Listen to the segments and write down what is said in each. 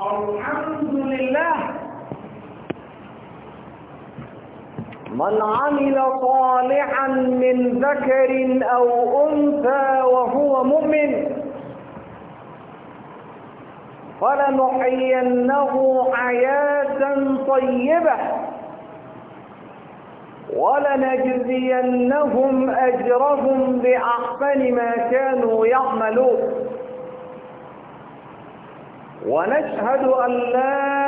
الحمد لله من عمل صالحا من ذكر أو أنثى وهو مؤمن فلنحيينه حياة طيبة ولنجزينهم أجرهم بأحسن ما كانوا يعملون ونشهد أن لا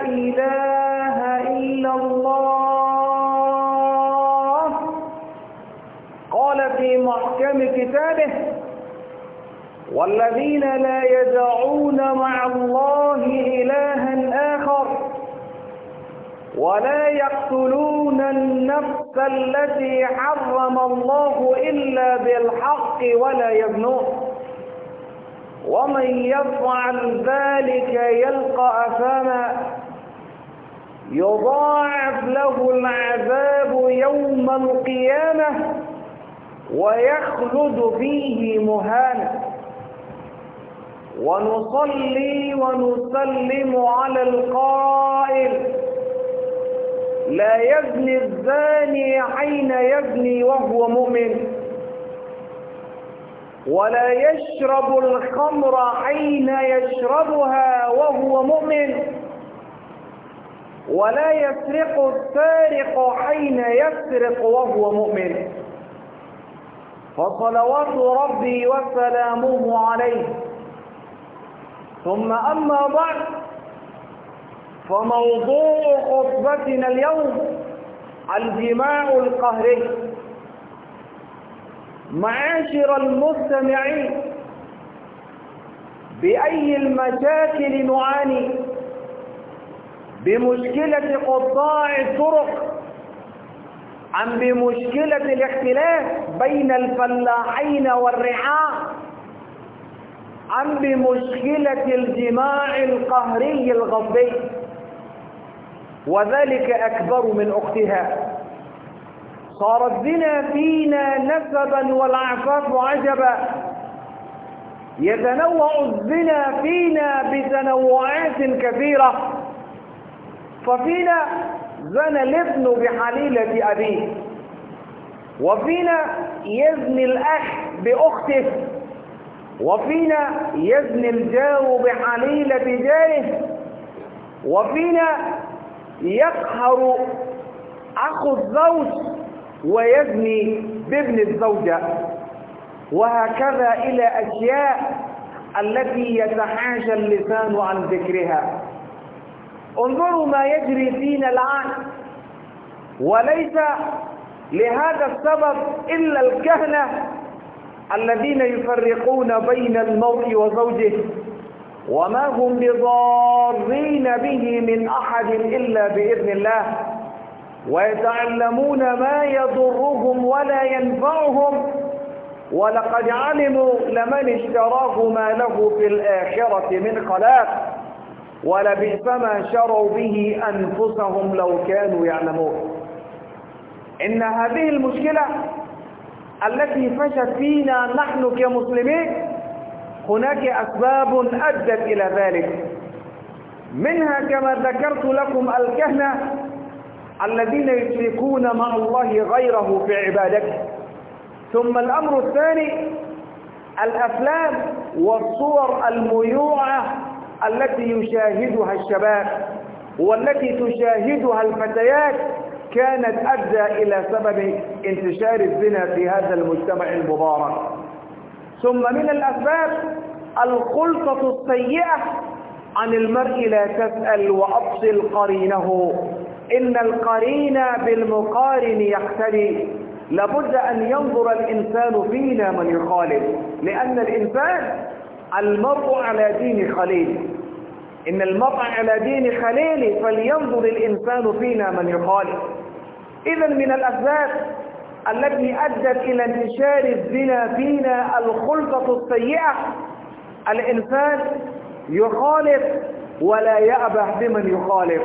إله إلا الله قال في محكم كتابه والذين لا يدعون مع الله إلها آخر ولا يقتلون النفس التي حرم الله إلا بالحق ولا يبنون ومن يفعل ذلك يلقى أثاما يضاعف له العذاب يوم القيامة ويخلد فيه مهانا ونصلي ونسلم على القائل لا يبني الزاني حين يبني وهو مؤمن ولا يشرب الخمر حين يشربها وهو مؤمن ولا يسرق السارق حين يسرق وهو مؤمن فصلوات ربي وسلامه عليه ثم أما بعد فموضوع خطبتنا اليوم الجماع القهري معاشر المستمعين بأي المشاكل نعاني بمشكلة قطاع الطرق أم بمشكلة الاختلاف بين الفلاحين والرعاء أم بمشكلة الجماع القهري الغضبي وذلك أكبر من أختها صار الزنا فينا نسبا والعفاف عجبا يتنوع الزنا فينا بتنوعات كثيرة ففينا زنى الابن بحليلة أبيه وفينا يزني الأخ بأخته وفينا يزني الجار بحليلة جاره وفينا يقهر أخو الزوج ويزني بابن الزوجة وهكذا إلى أشياء التي يتحاشى اللسان عن ذكرها انظروا ما يجري فينا الآن وليس لهذا السبب إلا الكهنة الذين يفرقون بين المرء وزوجه وما هم بضارين به من أحد إلا بإذن الله ويتعلمون ما يضرهم ولا ينفعهم ولقد علموا لمن اشتراه ما له في الآخرة من خلاق ولبئس ما شروا به أنفسهم لو كانوا يعلمون إن هذه المشكلة التي فشت فينا نحن كمسلمين هناك أسباب أدت إلى ذلك منها كما ذكرت لكم الكهنة الذين يشركون مع الله غيره في عبادته ثم الأمر الثاني الأفلام والصور الميوعة التي يشاهدها الشباب والتي تشاهدها الفتيات كانت أدى إلى سبب انتشار الزنا في هذا المجتمع المبارك ثم من الأسباب الخلطة السيئة عن المرء لا تسأل وأبصل قرينه إن القرين بالمقارن يقتدي لابد أن ينظر الإنسان فينا من يخالف لأن الإنسان المرء على دين خليل إن المرء على دين خليل فلينظر الإنسان فينا من يخالف إذا من الأسباب التي أدت إلى انتشار الزنا فينا الخلطة السيئة الإنسان يخالف ولا يأبه بمن يخالف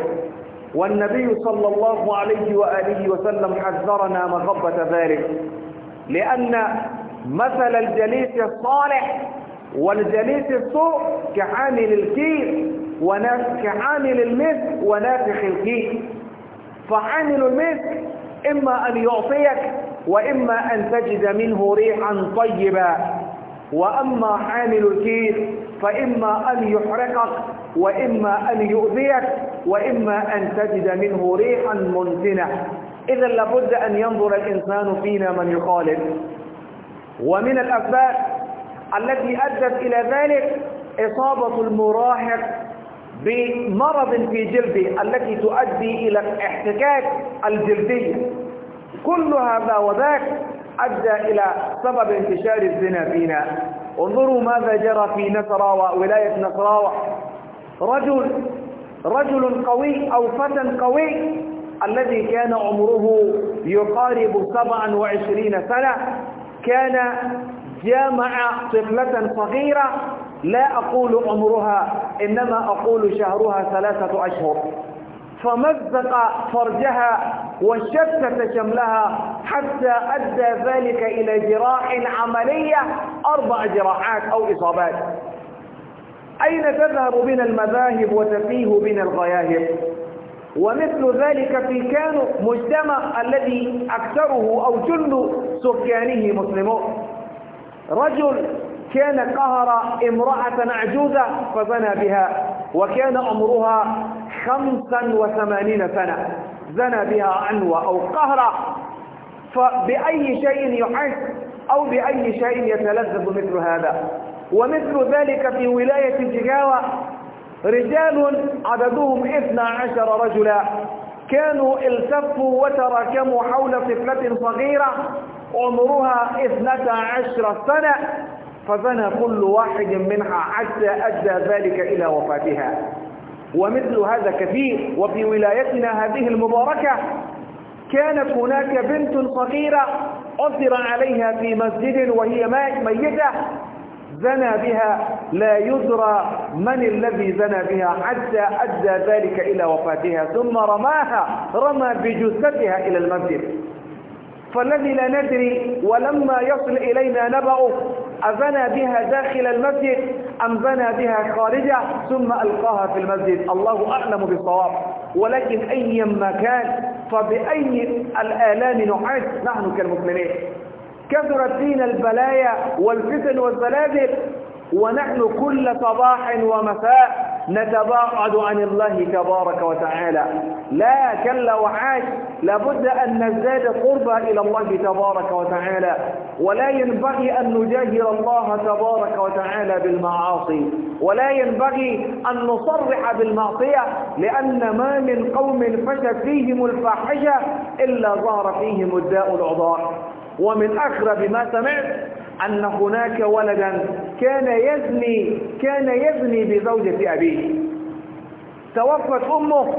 والنبي صلى الله عليه وآله وسلم حذرنا مغبة ذلك لأن مثل الجليس الصالح والجليس السوء كعامل الكيل كعامل المسك ونافخ الكيل فعامل المسك إما أن يعطيك وإما أن تجد منه ريحا طيبا وأما عامل الكيل فإما أن يحرقك وإما أن يؤذيك وإما أن تجد منه ريحا منزنة إذا لابد أن ينظر الإنسان فينا من يخالف ومن الأسباب التي أدت إلى ذلك إصابة المراهق بمرض في جلده التي تؤدي إلى الاحتكاك الجلدية كل هذا وذاك أدى إلى سبب انتشار الزنا فينا انظروا ماذا جرى في نصراوة ولاية نصراوة رجل رجل قوي أو فتى قوي الذي كان عمره يقارب 27 سنة كان جامع طفلة صغيرة لا أقول عمرها إنما أقول شهرها ثلاثة أشهر فمزق فرجها وشتت شملها حتى أدى ذلك إلى جراح عملية أربع جراحات أو إصابات أين تذهب بنا المذاهب وتفيه بنا الغياهب ومثل ذلك في كانو مجتمع الذي أكثره أو جل سكانه مسلمون رجل كان قهر امرأة عجوزة فزنى بها وكان عمرها خمسا وثمانين سنة زنى بها عنوى أو قهرة فبأي شيء يحس أو بأي شيء يتلذذ مثل هذا ومثل ذلك في ولاية الجيجاوة رجال عددهم 12 رجلا كانوا التفوا وتراكموا حول طفلة صغيرة عمرها 12 سنة فزنى كل واحد منها حتى أدى ذلك إلى وفاتها ومثل هذا كثير وفي ولايتنا هذه المباركة كانت هناك بنت صغيرة أثر عليها في مسجد وهي ميتة زنى بها لا يدرى من الذي زنى بها حتى أدى ذلك إلى وفاتها ثم رماها رمى بجثتها إلى المسجد فالذي لا ندري ولما يصل إلينا نبأه أبنى بها داخل المسجد أم بنى بها خارجة ثم ألقاها في المسجد الله أعلم بالصواب ولكن ما كان فبأي الآلام نعيش نحن كالمسلمين كثرت فينا البلايا والفتن والزلازل ونحن كل صباح ومساء نتباعد عن الله تبارك وتعالى لا كلا وعاش لابد أن نزداد قربا إلى الله تبارك وتعالى ولا ينبغي أن نجاهر الله تبارك وتعالى بالمعاصي ولا ينبغي أن نصرح بالمعصية لأن ما من قوم فشت فيهم الفاحشة إلا ظهر فيهم الداء العضاء ومن أخرب ما سمعت أن هناك ولدا كان يزني كان يزني بزوجة أبيه توفت أمه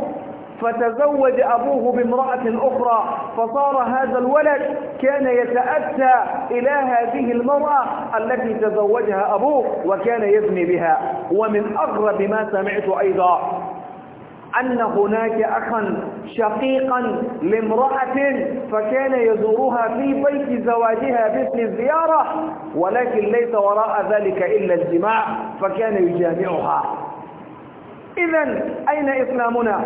فتزوج أبوه بامرأة أخرى فصار هذا الولد كان يتأتى إلى هذه المرأة التي تزوجها أبوه وكان يزني بها ومن أغرب ما سمعت أيضا أن هناك أخا شقيقا لامرأة فكان يزورها في بيت زواجها باسم الزيارة ولكن ليس وراء ذلك إلا الجماع فكان يجامعها إذا أين إسلامنا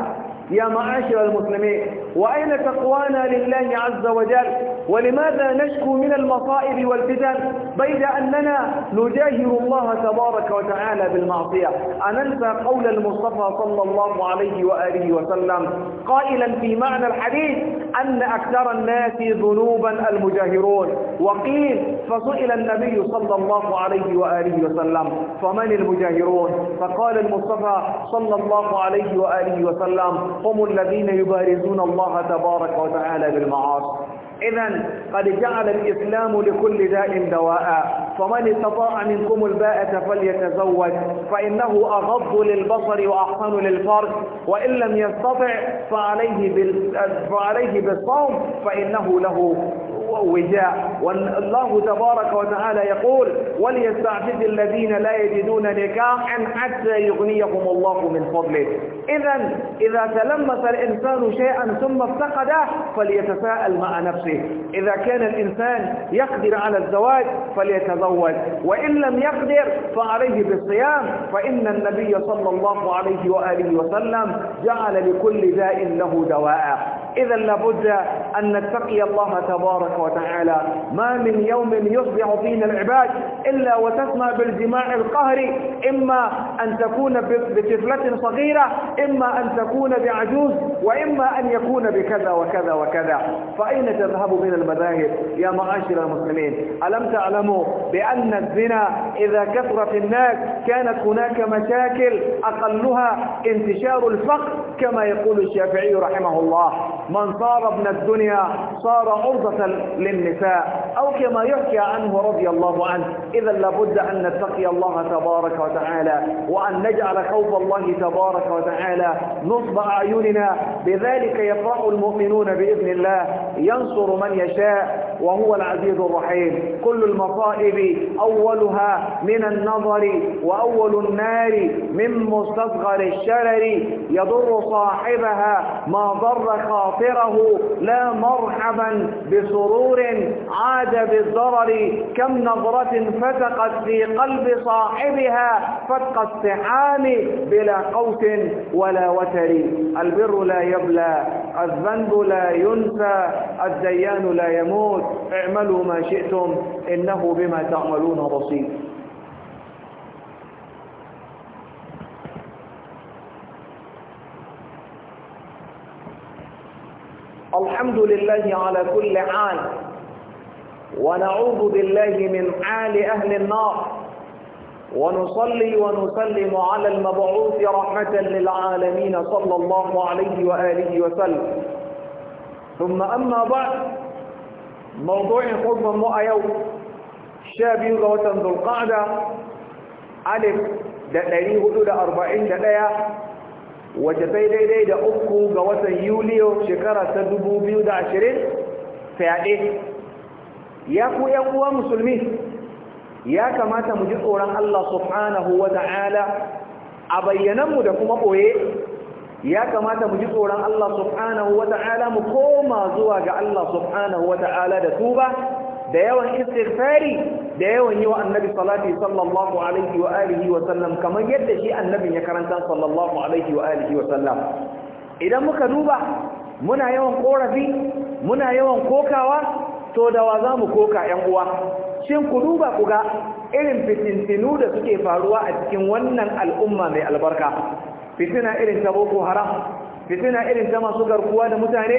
يا معاشر المسلمين وأين تقوانا لله عز وجل ولماذا نشكو من المصائب والفتن بيد أننا نجاهر الله تبارك وتعالى بالمعصية أننسى قول المصطفى صلى الله عليه وآله وسلم قائلا في معنى الحديث أن أكثر الناس ذنوبا المجاهرون وقيل فسئل النبي صلى الله عليه وآله وسلم فمن المجاهرون فقال المصطفى صلى الله عليه وآله وسلم هم الذين يبارزون الله تبارك وتعالى بالمعاصي إذا قد جعل الإسلام لكل داء دواء فمن استطاع منكم الباءة فليتزوج فإنه أغض للبصر وأحسن للفرج وإن لم يستطع فعليه, فعليه بالصوم فإنه له وجاء والله تبارك وتعالى يقول وليستعفذ الذين لا يجدون نكاحا حتى يغنيهم الله من فضله إذا إذا تلمس الإنسان شيئا ثم افتقده فليتساءل مع نفسه إذا كان الإنسان يقدر على الزواج فليتزوج وإن لم يقدر فعليه بالصيام فإن النبي صلى الله عليه وآله وسلم جعل لكل داء له دواء إذا لابد أن نتقي الله تبارك وتعالى ما من يوم يصبح فينا العباد إلا وتسمى بالجماع القهري إما أن تكون بطفلة صغيرة إما أن تكون بعجوز وإما أن يكون بكذا وكذا وكذا فأين تذهب من المذاهب يا معاشر المسلمين ألم تعلموا بأن الزنا إذا كثر في الناس كانت هناك مشاكل أقلها انتشار الفقر كما يقول الشافعي رحمه الله من صار ابن الدنيا صار عرضة للنساء أو كما يحكي عنه رضي الله عنه إذا لابد أن نتقي الله تبارك وتعالى وأن نجعل خوف الله تبارك وتعالى نصب أعيننا بذلك يفرح المؤمنون بإذن الله ينصر من يشاء وهو العزيز الرحيم كل المصائب أولها من النظر وأول النار من مستصغر الشرر يضر صاحبها ما ضر خاطره لا مرحبا بسرور عاد بالضرر كم نظرة فتقت في قلب صاحبها فتق السحام بلا قوت ولا وتر البر لا يبلى الذنب لا ينسى الديان لا يموت اعملوا ما شئتم إنه بما تعملون بصير الحمد لله على كل حال ونعوذ بالله من حال أهل النار ونصلي ونسلم على المبعوث رحمة للعالمين صلى الله عليه وآله وسلم ثم أما بعد موضوع خطبة مؤى يوم شابي غوة ذو القعدة ألف دقيقه أربعين دليل Wace sai daidai da uku ga watan yuliyo shekara ta dubu biyu da ashirin fyaɗe ya ku yan uwa musulmi ya kamata mu ji tsoron Allah subhanahu wa ta'ala a bayyananmu da kuma ɓoye ya kamata mu ji tsoron Allah subhanahu wa ta'ala mu koma zuwa ga Allah subhanahu wa ta'ala da tuba da yawan istighfari da yawan yi wa annabi salati sallallahu alaihi wa alihi wa sallam kamar yadda shi annabin ya karanta sallallahu alaihi wa alihi wa sallam idan muka duba muna yawan korafi muna yawan kokawa to da wa za mu koka ‘yan uwa shin ku duba ku ga irin fitintinu da suke faruwa a cikin wannan al'umma mai albarka fitina irin ta boko haram fitina irin ta masu garkuwa da mutane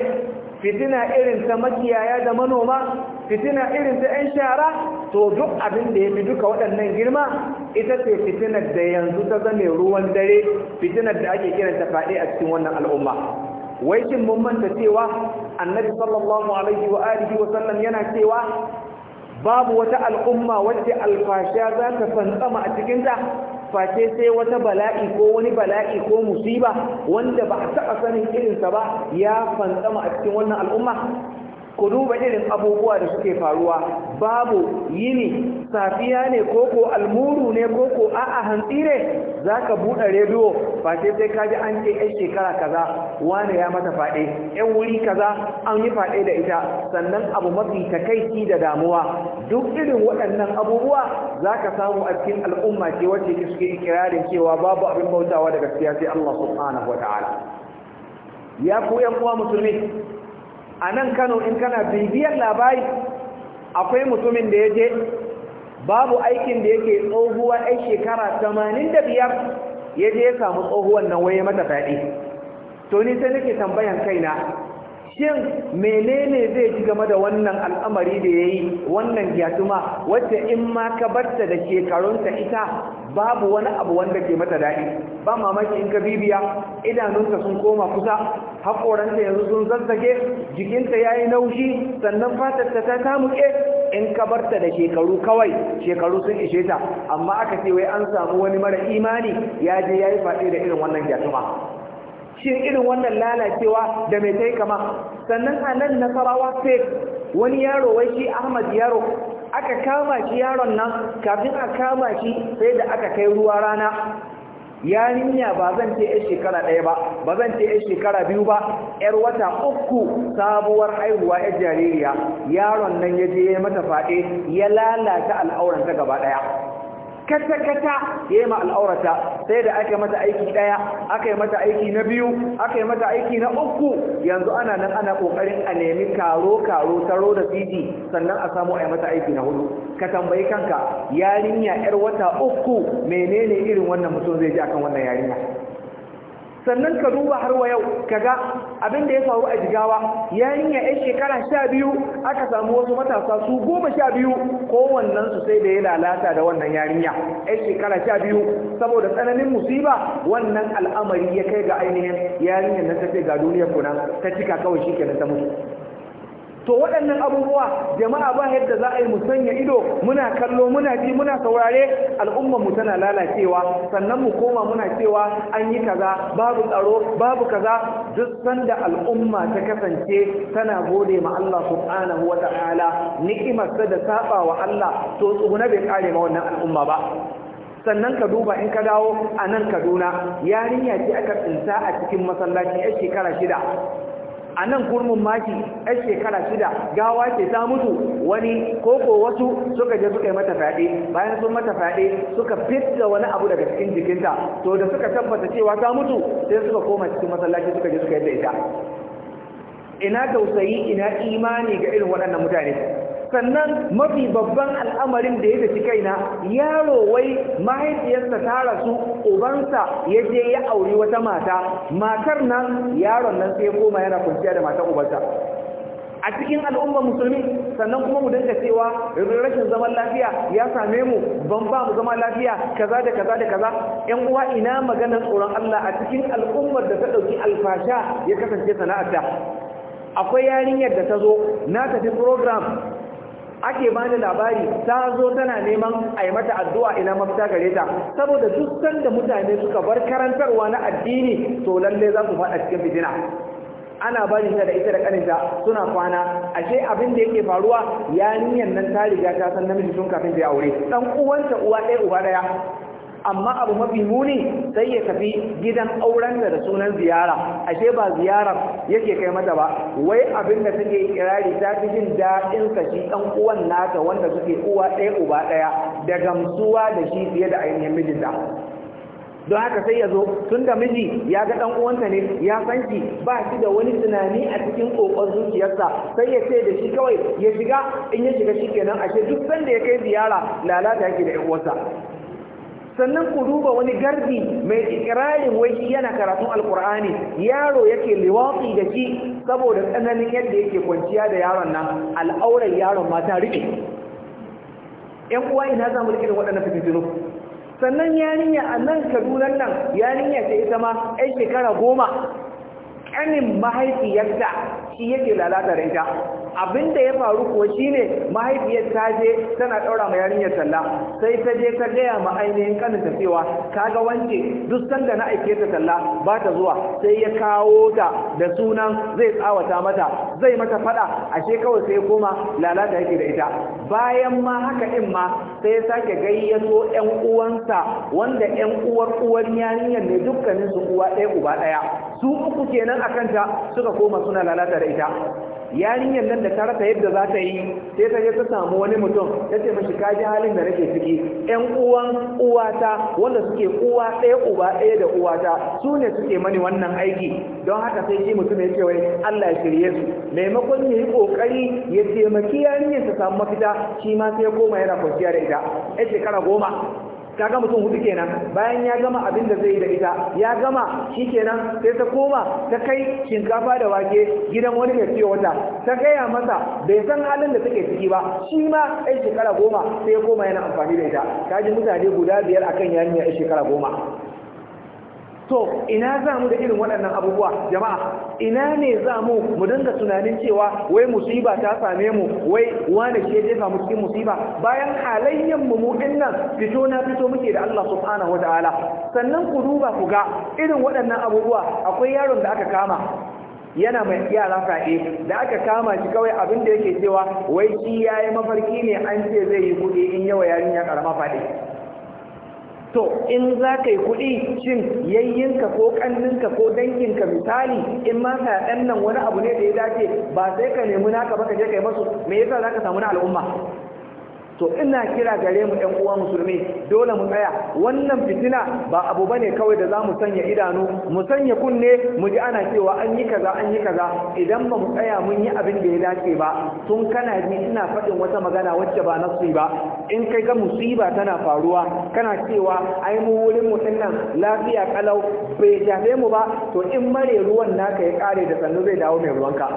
fitina irin ta makiyaya da manoma fitina irin ta 'yan shara to duk abin da ya fi duka waɗannan girma ita ce fitinar da yanzu ta zame ruwan dare fitinar da ake kiranta faɗi a cikin wannan al'umma wai shin mun manta cewa annabi sallallahu alaihi wa alihi wa sallam yana cewa babu wata al'umma wacce alfasha za ta fantsama a cikinta face sai wata bala'i ko wani bala'i ko musiba wanda ba a taɓa sanin irinsa ba ya fantsama a cikin wannan al'umma ku duba irin abubuwa da suke faruwa babu yini safiya ne koko almuru ne koko a'a hantsi ne za ka buɗe rediyo ba sai sai kaji an ce yan shekara kaza wane ya mata faɗe yan wuri kaza an yi faɗe da ita sannan abu mafi takaici da damuwa duk irin waɗannan abubuwa za ka samu a cikin al'umma ce wacce suke ikirarin cewa babu abin bautawa da gaskiya sai Allah subhanahu wa ta'ala ya ku yan uwa musulmi a nan kano in kana bibiyar labari akwai mutumin da ya je babu aikin da yake tsohuwa ai shekara tamanin da biyar ya je ya samu tsohuwan nan waye mata fyaɗe to ni sai nake tambayan kaina shin menene zai ci game da wannan al'amari da ya yi wannan gyatuma wacce in ma ka barta da shekarunta ita babu wani abu wanda ke mata daɗi ba mamaki in ka bibiya idanunta sun koma kusa haƙoranta yanzu sun zazzage jikinta ya yi naushi sannan fatarta ta kamuke in ka barta da shekaru kawai shekaru sun ishe ta amma aka ce wai an samu wani mara imani ya je ya yi faɗi da irin wannan gyatuma shin irin wannan lalacewa da mai tai kama sannan a nan nasarawa sai wani yaro wai shi ahmad yaro aka kama shi yaron nan kafin a kama shi sai da aka kai ruwa rana yarinya ba zan ce yar shekara ɗaya ba ba zan ce yar shekara biyu ba yar wata uku sabuwar haihuwa yar jaririya yaron nan ya je ya mata faɗe ya lalata al'auranta gaba ɗaya kata-kata ya yi ma al'aurata sai da aka mata aiki ɗaya aka yi mata aiki na biyu aka yi mata aiki na uku yanzu ana nan ana ƙoƙarin a nemi karo-karo taro da fiji sannan a samu a yi mata aiki na hudu ka tambayi kanka yarinya 'yar wata uku menene irin wannan mutum zai ji akan wannan yarinya sannan ka duba har wa yau kaga abin da ya faru a jigawa yayin ya yan shekara sha biyu aka samu wasu matasa su goma sha biyu kowannen su sai da ya lalata da wannan yarinya yan shekara sha biyu saboda tsananin musiba wannan al'amari ya kai ga ainihin yarinyar na tafi ga duniyar kuna ta cika kawai shi kenan ta mutu to waɗannan abubuwa jama'a ba yadda za a yi musanya ido muna kallo muna ji muna saurare al'ummar mu tana lalacewa sannan mu koma muna cewa an yi kaza babu tsaro babu kaza duk sanda al'umma ta kasance tana gode ma Allah subhanahu wa ta'ala ni'imarsa da saba wa Allah to tsuguna bai kare ma wannan al'umma ba sannan ka duba in ka dawo a nan kaduna yarinya ce aka tsinta a cikin masallaci a shekara shida a nan kurmin maki a shekara shida gawa ce ta mutu wani koko wasu suka je suka yi mata fyaɗe bayan sun mata fyaɗe suka fitta wani abu daga cikin jikinta to da suka tabbata cewa ta mutu sai suka koma cikin masallaci suka je suka yi da ita ina tausayi ina imani ga irin waɗannan mutane sannan mafi babban al'amarin da ya tafi kaina yaro wai mahaifiyarsa ta rasu ubansa ya je ya auri wata mata matar nan yaron nan sai ya koma yana kwanciya da matar ubansa a cikin al'ummar musulmi sannan kuma mu dinga cewa rashin zaman lafiya ya same mu ban ba mu zaman lafiya kaza da kaza da kaza yan uwa ina magana tsoron Allah a cikin al'ummar da ta dauki alfasha ya kasance sana'arta akwai yarinyar da ta zo na tafi program ake bani labari ta zo tana neman a yi mata addu'a ina mafita gare ta saboda duk sanda mutane suka bar karantarwa na addini to lalle za su faɗa cikin fitina ana bani ta da ita da kaninta suna kwana ashe abin da yake faruwa ya niyan nan ta riga ta san namiji tun kafin ta aure dan uwanta uwa ɗaya uwa ɗaya amma abu mafi muni sai ya tafi gidan auren da sunan ziyara ashe ba ziyara yake kai mata ba wai abin da take kirari ta fi jin daɗin ka shi ɗan uwan naka wanda suke uwa ɗaya uba ɗaya da gamsuwa da shi fiye da ainihin mijinta don haka sai ya zo tun da miji ya ga ɗan uwanta ne ya san shi ba shi da wani tunani a cikin kokon zuciyarsa sai ya ce da shi kawai ya shiga in ya shiga shi kenan ashe duk sanda ya kai ziyara lalata yake da ƴan uwarsa sannan ku duba wani garbi mai ikirarin wai yana karatun alkur'ani yaro yake liwafi da shi saboda tsananin yadda yake kwanciya da yaron nan al'aurar yaron mata rike yan uwa ina za mu rikirin waɗannan fitintunu sannan yarinya a nan kadunan nan yarinya ce ita ma yan shekara goma ƙanin mahaifiyarta shi yake lalata da ita abin da ya faru kuwa shine mahaifiyar ta je tana ɗaura ma yarinyar talla sai ta je ta gaya ma ainihin ta cewa ga wanke, duk sanda na aike ta talla ba ta zuwa sai ya kawo ta da sunan zai tsawata mata zai mata fada ashe kawai sai koma lalata yake da ita bayan ma haka din ma sai ya sake gayyato ƴan uwansa wanda ƴan uwar uwar yarinyar ne dukkanin su uwa ɗaya uba ɗaya su uku kenan akan ta suka koma suna lalata da ita yarinyar nan da ta rasa yadda za ta yi sai ta je ta samu wani mutum ta ce mashi ka halin da nake ciki Yan uwan uwata wanda suke uwa ɗaya uba ɗaya da uwata su ne suke mani wannan aiki don haka sai shi mutum ya ce wai Allah ya shirye su maimakon ya yi kokari ya taimaki yarinyar ta samu mafita shi ma sai ya koma yana kwanciya da ita ƴan shekara goma kaga mutum hudu kenan bayan ya gama abin da zai yi da ita ya gama shi kenan sai ta koma ta kai shinkafa da wake gidan wani mai siyo wata ta gaya masa bai san halin da take ciki ba shi ma ai shekara goma sai ya koma yana amfani da ita ji mutane guda biyar akan yarinya ai shekara goma to ina za mu da irin waɗannan abubuwa jama'a ina ne za mu mu dinga tunanin cewa wai musiba ta same mu wai wane ke jefa mu cikin musiba bayan halayyan mu mu'min nan fito na fito muke da Allah subhanahu wataala sannan ku duba ku ga irin waɗannan abubuwa akwai yaron da aka kama yana mai yara fa'e da aka kama shi kawai abin da yake cewa wai shi yayi mafarki ne an ce zai yi kuɗi in yawa yarinya karama fa'e to in za ka yi kuɗi shin yayyinka ko ƙanninka ko danginka misali in ma ka ɗan nan wani abu ne da ya dace ba sai ka nemi naka ba ka je ka yi masu me yasa za ka samu na al'umma to ina kira gare mu ƴan uwa musulmi dole mu tsaya wannan fitina ba abu bane kawai da zamu sanya idanu mu sanya kunne mu ji ana cewa an yi kaza an yi kaza idan ba mu tsaya mun yi abin da ya dace ba tun kana ji ina faɗin wata magana wacce ba nasu ba in kai ga musiba tana faruwa kana cewa ai mu wurin mu dinnan lafiya kalau bai tafe mu ba to in mare ruwan naka ya kare da sannu zai dawo mai ruwanka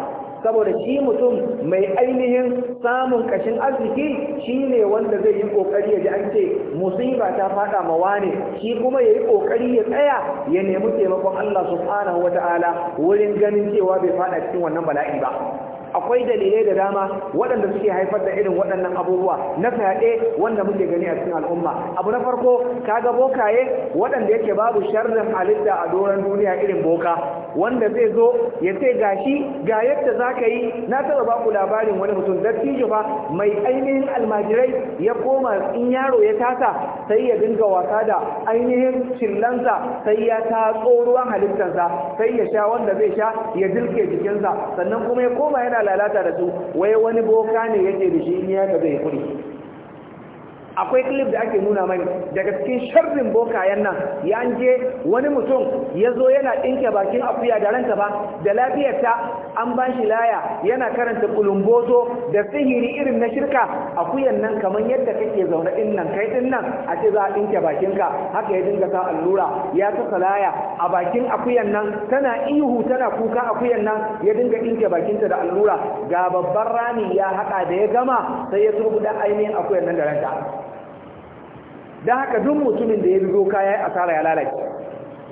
saboda shi mutum mai ainihin samun kashin arziki shi ne wanda zai yi kokari ya ji an ce musiba ta fada ma wane shi kuma ya yi kokari ya tsaya ya nemi taimakon Allah subhanahu wataala wurin ganin cewa bai fada cikin wannan bala'i ba akwai dalilai da dama waɗanda suke haifar da irin waɗannan abubuwa na fyaɗe wanda muke gani a cikin al'umma abu na farko kaga bokaye waɗanda yake babu sharrin halitta a doron duniya irin boka wanda zai zo ya ce ga shi ga yadda za ka yi na taba ba ku labarin wani mutum dattijo ba mai ainihin almajirai ya koma in yaro ya tasa sai ya dinga wasa da ainihin cillansa sai ya ta ruwan halittarsa sai ya sha wanda zai sha ya dilke jikinsa sannan kuma ya koma yana lalata da su wai wani boka ne yake da shi in ya ka zai kuri? akwai clip da ake nuna mai daga cikin sharrin bokayen nan ya je wani mutum ya zo yana ɗinke bakin akuya da ranta ba da lafiyarta an ba shi laya yana karanta kulumboto da sihiri irin na shirka akuyan nan kamar yadda kake zaune ɗin nan kai ɗin nan a ce za a ɗinke bakinka haka ya dinga sa allura ya saka laya a bakin akuyan nan tana ihu tana kuka akuyan nan ya dinga ɗinke bakinta da allura ga babban rami ya haɗa da ya gama sai ya turbuɗa ainihin akuyan nan da ranta don haka duk mutumin da ya bi doka ya yi asara ya lalace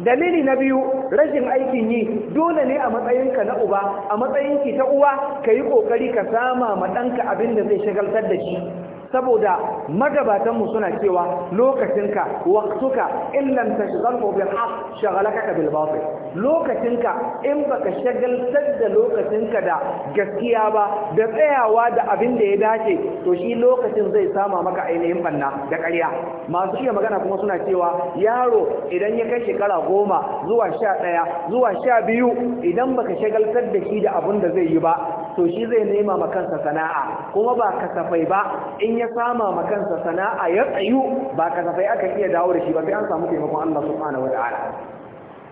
dalili na biyu rashin aikin yi dole ne a matsayinka na uba a matsayinki ta uwa ka yi ƙoƙari ka sama ma ɗanka abin da zai shagaltar da shi saboda magabatanmu suna cewa lokacinka waktuka in lam tashghalhu bil haqq shaghalaka bil batil lokacinka in baka shagaltar da ka da gaskiya ba da tsayawa da abin da ya dace to shi lokacin zai sama maka ainihin banna da ƙarya masu iya magana kuma suna cewa yaro idan ya kai shekara goma zuwa sha ɗaya zuwa sha biyu idan baka shagaltar da shi da abin da zai yi ba to shi zai nema ma kansa sana'a kuma ba kasafai ba in ya sama ma kansa sana'a ya tsayu ba kasafai akan iya dawo da shi ba sai an samu taimakon Allah subhanahu wataala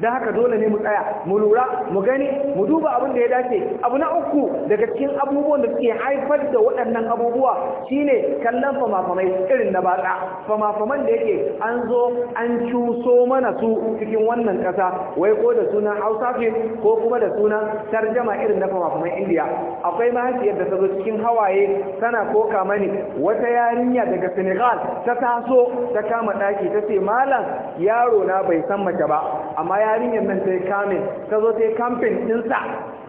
don haka dole ne mu tsaya mu lura mu gani mu duba abin da ya dace abu na uku daga cikin abubuwan da suke haifar da waɗannan abubuwa shine kallon famafamai irin na batsa famafaman da yake an zo an cuso mana su cikin wannan ƙasa wai ko da sunan hausa ko kuma da sunan tarjama irin na famafaman indiya akwai mahaifiyar da ta zo cikin hawaye tana koka mani wata yarinya daga senegal ta taso ta kama ɗaki ta ce malam yaro na bai san mace ba amma yarinyar nan ta yi kamin ta zo ta yi kamfin ɗinsa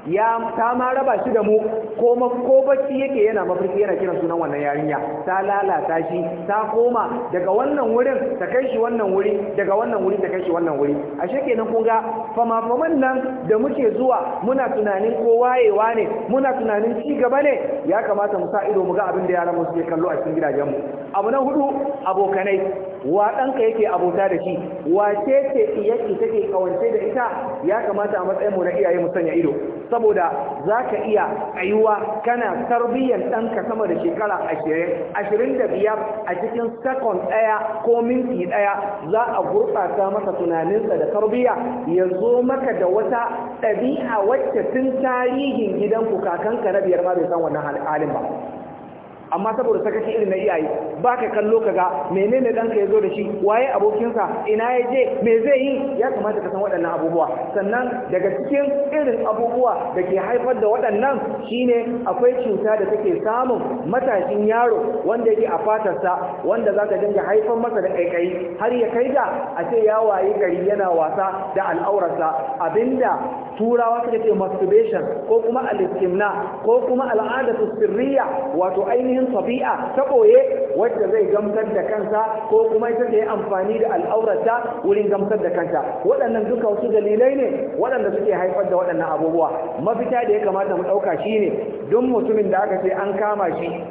ya ta ma raba shi da mu ko ko yake yana mafarki yana kiran sunan wannan yarinya ta lalata shi ta koma daga wannan wurin ta kai shi wannan wuri daga wannan wuri ta kai shi wannan wuri ashe kenan kun ga fama faman nan da muke zuwa muna tunanin ko wayewa ne muna tunanin ci gaba ne ya kamata mu sa ido mu ga abin da yaran mu suke kallo a cikin gidajen mu abu na hudu abokanai wa ɗanka yake abota da shi wace ce iyaki take kawance da ita ya kamata a matsayin mu na iyaye mu sanya ido saboda za ka iya ayuwa kana tarbiyyar ɗanka sama da shekara ashirin ashirin da biyar a cikin sakon ɗaya ko minti ɗaya za a gurɓata masa tunaninsa da tarbiyya ya zo maka da wata ɗabi'a wacce tun tarihin gidanku kakanka na biyar ma bai san wannan halin ba amma saboda sakaki irin na iyaye ba ka kallo ka ga menene ɗanka ya zo da shi waye abokinsa ina ya je me zai yi ya kamata ka san waɗannan abubuwa sannan daga cikin irin abubuwa da ke haifar da waɗannan shine akwai cuta da take samun matashin yaro wanda yake a fatarsa wanda za ka dinga haifar masa da ƙaiƙayi har ya kai da a ce ya waye gari yana wasa da al'aurarsa abinda turawa suka ce masturbation ko kuma al ko kuma al'adatu sirriya wato ainihin ainihin tabi'a ta ɓoye wadda zai gamsar da kansa ko kuma ita ta yi amfani da al'aurata wurin gamsar da kanta waɗannan duka wasu dalilai ne waɗanda suke haifar da waɗannan abubuwa mafita da ya kamata mu ɗauka shine duk mutumin da aka ce an kama shi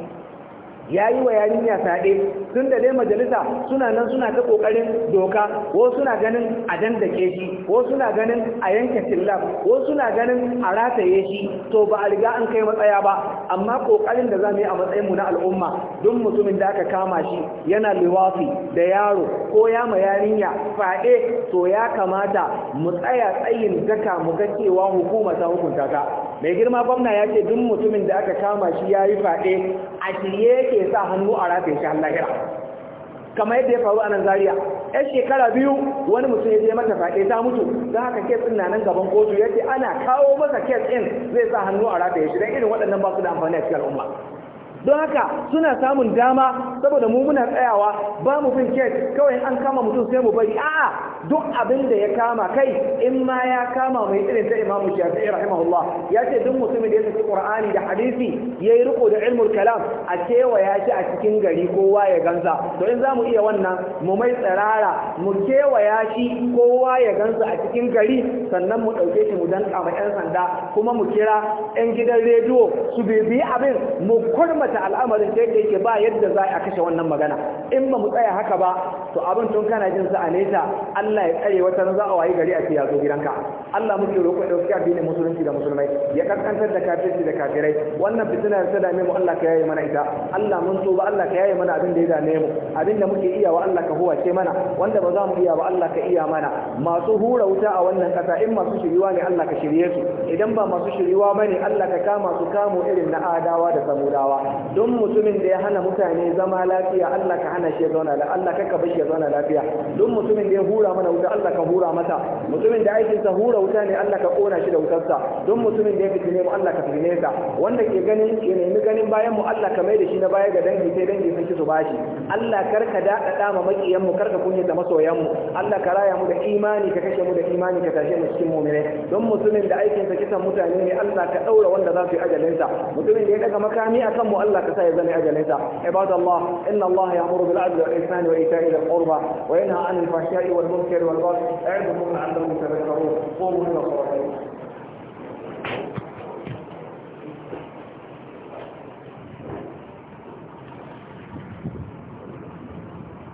ya yi wa yarinya saɗe tun da dai majalisa suna nan suna ta ƙoƙarin doka ko suna ganin a dandake shi ko suna ganin a yanke tillaf ko suna ganin a rataye shi to ba a riga an kai matsaya ba amma ƙoƙarin da za mu yi a matsayinmu na al'umma duk mutumin da aka kama shi yana liwafi da yaro ko ya ma yarinya faɗe to ya kamata mu tsaya tsayin daka mu ga cewa hukuma ta hukunta ka mai girma gwamna ya ce duk mutumin da aka kama shi ya yi faɗe a shirye ke sa hannu a rafe shi lahira kamar yadda ya faru a nan zariya yan shekara biyu wani mutum ya je mata faɗe ta mutu don haka kes ɗin na nan gaban kotu ya ce ana kawo masa kes ɗin zai sa hannu a rafin shi don irin waɗannan ba su da amfani a cikin al'umma don haka suna samun dama saboda mu muna tsayawa ba mu bin kek kawai an kama mutum sai mu bari a'a duk abin da ya kama kai in ma ya kama mai irin ta imamu shafi'i rahimahullah ya ce duk mutumin da ya saki qur'ani da hadisi yayi riko da ilmul kalam a kewaya shi a cikin gari kowa ya gansa to in zamu iya wannan mu mai tsirara mu kewaya shi kowa ya gansa a cikin gari sannan mu dauke shi mu danka ma yan sanda kuma mu kira yan gidan rediyo su bibi abin mu kurma lalata al'amarin da yake ba yadda za a kashe wannan magana in ba mu tsaya haka ba to abin tun kana jin sa a nesa Allah ya tsare wata za a wayi gari a ce ya zo gidanka Allah muke roƙo da suka bi musulunci da musulmai ya kankantar da kafirci da kafirai wannan fitina ta dame mu Allah ka yaye mana ita Allah mun tuba ba Allah ka yaye mana abin da ya dame mu abin da muke iya wa Allah ka huwa ce mana wanda ba za mu iya ba Allah ka iya mana masu hura wuta a wannan kasa in masu shiriwa ne Allah ka shirye su idan ba masu shiriwa bane Allah ka kama su kamo irin na adawa da samudawa don mutumin da ya hana mutane zama lafiya Allah ka hana shi ya zauna lafiya Allah ka kafa shi zauna lafiya don mutumin da ya hura mana wuta Allah ka hura mata mutumin da aikinsa hura wuta ne Allah ka kona shi da sa. don mutumin da ya fitine mu Allah ka fitine ka wanda ke ganin ke nemi ganin bayan mu Allah ka mai da shi na baya ga dangi sai dangi sun ci su bashi Allah kar ka da ma makiyan mu kar ka da masoyan mu Allah ka raya mu da imani ka kashe mu da imani ka tashe mu cikin mu'mine don mutumin da aikinsa kisan mutane ne Allah ka daura wanda za su yi ajalinsa mutumin da ya daga makami akan mu ألا كسائب بني أجل عباد الله إن الله يأمر بالعدل والإحسان وإيتاء ذي القربى وينهى عن الفحشاء والمنكر والبغي أعدكم لعلكم تذكرون قوموا إلى صلاتكم